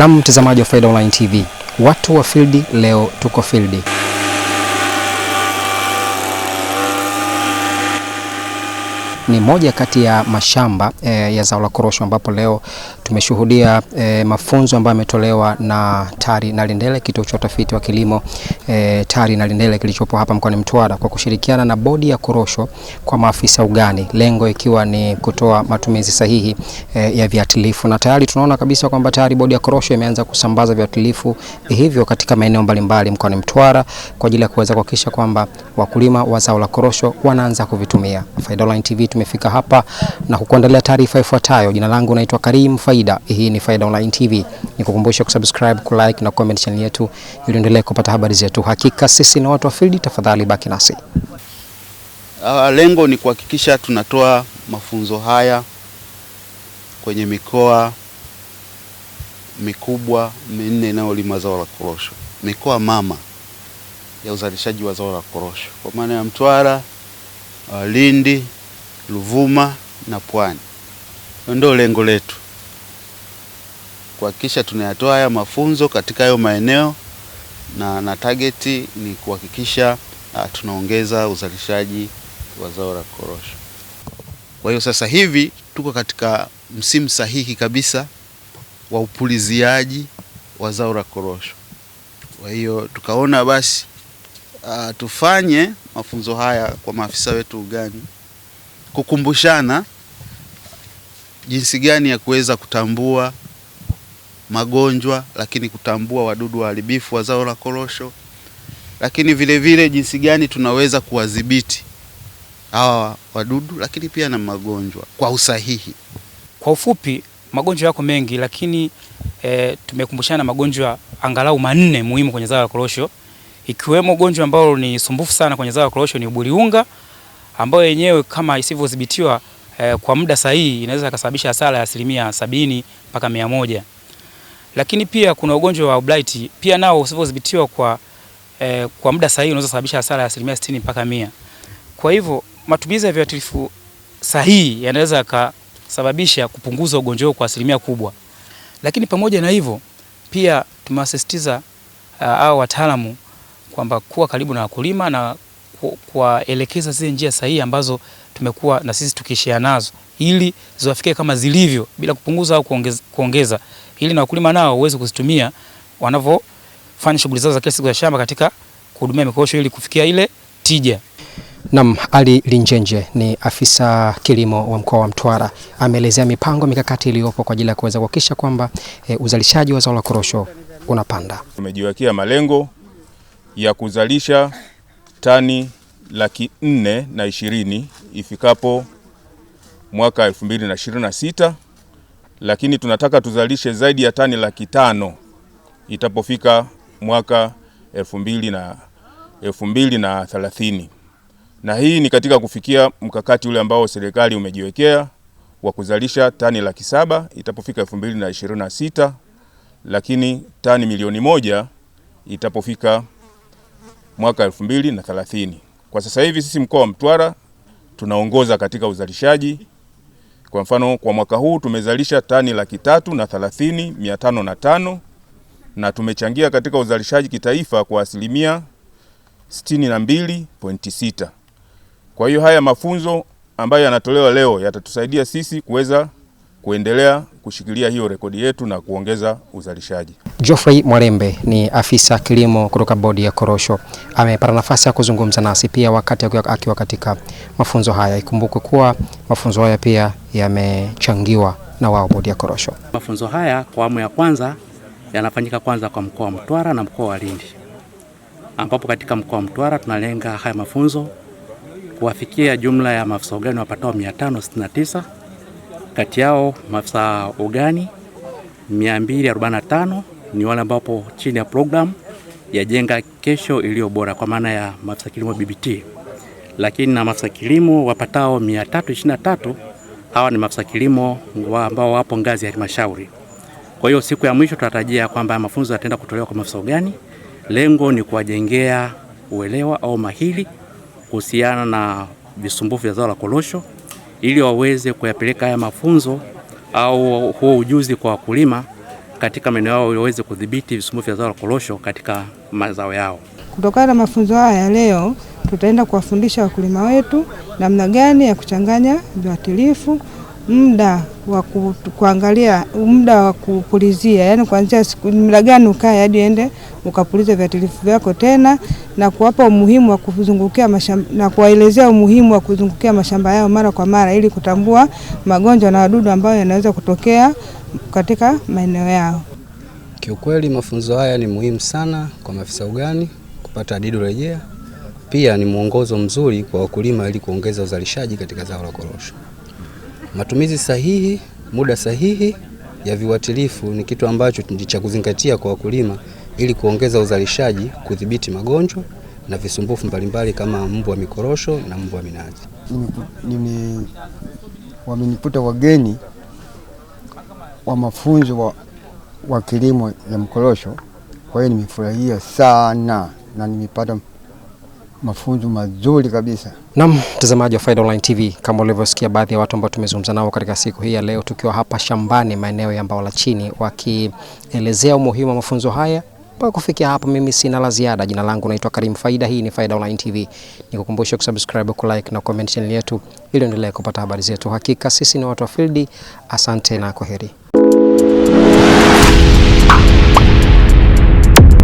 Na mtazamaji wa Faida Online TV, watu wa field leo tuko field. Ni moja kati ya mashamba eh, ya zao la korosho ambapo leo tumeshuhudia e, mafunzo ambayo yametolewa na TARI Naliendele, kituo cha utafiti wa kilimo e, TARI Naliendele kilichopo hapa mkoani Mtwara kwa kushirikiana na bodi ya korosho kwa maafisa ugani, lengo ikiwa ni kutoa matumizi sahihi e, ya viatilifu, na tayari tunaona kabisa kwamba tayari bodi ya korosho imeanza kusambaza viatilifu hivyo katika maeneo mbalimbali mkoani Mtwara kwa ajili ya kuweza kuhakikisha kwamba wakulima wa zao la korosho wanaanza kuvitumia. Faida Online TV tumefika hapa na kukuandalia taarifa ifuatayo. Jina langu naitwa Karim Faida faida. Hii ni Faida Online TV, nikukumbusha kusubscribe, kulike na comment channel yetu ili endelee kupata habari zetu. Hakika sisi ni watu wa field, tafadhali baki nasi. Uh, lengo ni kuhakikisha tunatoa mafunzo haya kwenye mikoa mikubwa minne inayolima zao la korosho, mikoa mama ya uzalishaji wa zao la korosho kwa maana ya Mtwara, ah, Lindi, Ruvuma na Pwani. Ndio lengo letu kuhakikisha tunayatoa haya mafunzo katika hayo maeneo na, na tageti ni kuhakikisha uh, tunaongeza uzalishaji wa zao la korosho. Kwa hiyo sasa hivi tuko katika msimu sahihi kabisa wa upuliziaji wa zao la korosho. Kwa hiyo tukaona basi uh, tufanye mafunzo haya kwa maafisa wetu ugani kukumbushana jinsi gani ya kuweza kutambua magonjwa, lakini kutambua wadudu waharibifu wa zao la korosho, lakini vile vile jinsi gani tunaweza kuwadhibiti hawa wadudu, lakini pia na magonjwa kwa usahihi. Kwa ufupi, magonjwa yako mengi, lakini e, tumekumbushana magonjwa angalau manne muhimu kwenye zao la korosho, ikiwemo gonjwa ambalo ni sumbufu sana kwenye zao la korosho ni uburiunga, ambayo yenyewe kama isivyodhibitiwa e, kwa muda sahihi inaweza kusababisha hasara ya asilimia sabini mpaka mia moja. Lakini pia kuna ugonjwa wa blight pia nao usipodhibitiwa kwa, eh, kwa muda sahihi unaweza kusababisha hasara ya asilimia sitini mpaka mia. Kwa hivyo matumizi ya viuatilifu sahihi yanaweza yakasababisha kupunguza ugonjwa huo kwa asilimia kubwa. Lakini pamoja na hivyo pia tumewasisitiza uh, eh, au wataalamu kwamba kuwa karibu na wakulima na kuwaelekeza zile njia sahihi ambazo tumekuwa na sisi tukishia nazo ili ziwafikie kama zilivyo bila kupunguza au kuongeza, kuongeza. Ili na wakulima nao waweze kuzitumia wanavyofanya shughuli zao za kila siku za shamba katika kuhudumia mikosho ili kufikia ile tija. Nam Ali Linjenje ni afisa kilimo wa mkoa wa Mtwara, ameelezea mipango mikakati iliyopo kwa ajili ya kuweza kuhakikisha kwamba e, uzalishaji wa zao la korosho unapanda. Tumejiwekea malengo ya kuzalisha tani laki nne na ishirini ifikapo mwaka sita lakini tunataka tuzalishe zaidi ya tani laki tano itapofika mwaka mbili na hii ni katika kufikia mkakati ule ambao serikali umejiwekea wa kuzalisha tani laki saba itapofika sita lakini tani milioni moja itapofika mwaka 2030. Kwa sasa hivi sisi mkoa wa Mtwara tunaongoza katika uzalishaji. Kwa mfano, kwa mwaka huu tumezalisha tani laki tatu na thelathini mia tano na tano na tumechangia katika uzalishaji kitaifa kwa asilimia 62.6. Kwa hiyo haya mafunzo ambayo yanatolewa leo yatatusaidia sisi kuweza kuendelea kushikilia hiyo rekodi yetu na kuongeza uzalishaji. Geoffrey Mwalembe ni afisa kilimo kutoka bodi ya korosho, amepata nafasi ya kuzungumza nasi pia wakati akiwa katika mafunzo haya. Ikumbukwe kuwa mafunzo haya pia yamechangiwa na wao bodi ya korosho. Mafunzo haya kwa awamu ya kwanza yanafanyika kwanza kwa mkoa wa Mtwara na mkoa wa Lindi, ambapo katika mkoa wa Mtwara tunalenga haya mafunzo kuwafikia jumla ya maafisa ugani wapatao 569 kati yao maafisa ugani 245 ni wale ambapo chini ya program ya jenga kesho iliyo bora kwa maana ya maafisa kilimo BBT, lakini na maafisa kilimo wapatao 323 hawa ni maafisa kilimo ambao wapo ngazi ya halmashauri. Kwa hiyo siku ya mwisho tunatarajia kwamba mafunzo yataenda kutolewa kwa maafisa ugani. Lengo ni kuwajengea uelewa au mahili kuhusiana na visumbufu vya zao la korosho ili waweze kuyapeleka haya mafunzo au huo ujuzi kwa wakulima katika maeneo yao ili waweze kudhibiti visumbufu vya zao la korosho katika mazao yao. Kutokana na mafunzo haya ya leo, tutaenda kuwafundisha wakulima wetu namna gani ya kuchanganya viuatilifu muda wa kuangalia, muda wa kupulizia, yani kuanzia siku muda gani ukae hadi ende ukapuliza viuatilifu vyako tena, na kuwapa umuhimu wa kuzungukia mashamba, na kuwaelezea umuhimu wa kuzungukia mashamba yao mara kwa mara ili kutambua magonjwa na wadudu ambayo yanaweza kutokea katika maeneo yao. Kiukweli mafunzo haya ni muhimu sana kwa maafisa ugani kupata adidu rejea, pia ni mwongozo mzuri kwa wakulima ili kuongeza uzalishaji katika zao la korosho. Matumizi sahihi, muda sahihi ya viuatilifu ni kitu ambacho ni cha kuzingatia kwa wakulima ili kuongeza uzalishaji, kudhibiti magonjwa na visumbufu mbalimbali kama mbu wa mikorosho na mbu wa minazi. Wameniputa wageni wa mafunzo wa, wa kilimo ya mkorosho, kwa hiyo nimefurahia sana na nimepata mafunzo mazuri kabisa. Naam, mtazamaji wa Faida Online TV, kama ulivyosikia baadhi ya watu ambao tumezungumza nao katika siku hii ya leo, tukiwa hapa shambani maeneo ya mbao la Chini, wakielezea umuhimu wa mafunzo haya. Mpaka kufikia hapa, mimi sina la ziada. Jina langu naitwa Karim Faida, hii ni Faida Online TV. Nikukumbusha kusubscribe, like na comment channel yetu ili endelee kupata habari zetu. Hakika sisi ni watu wa field. Asante na kwaheri.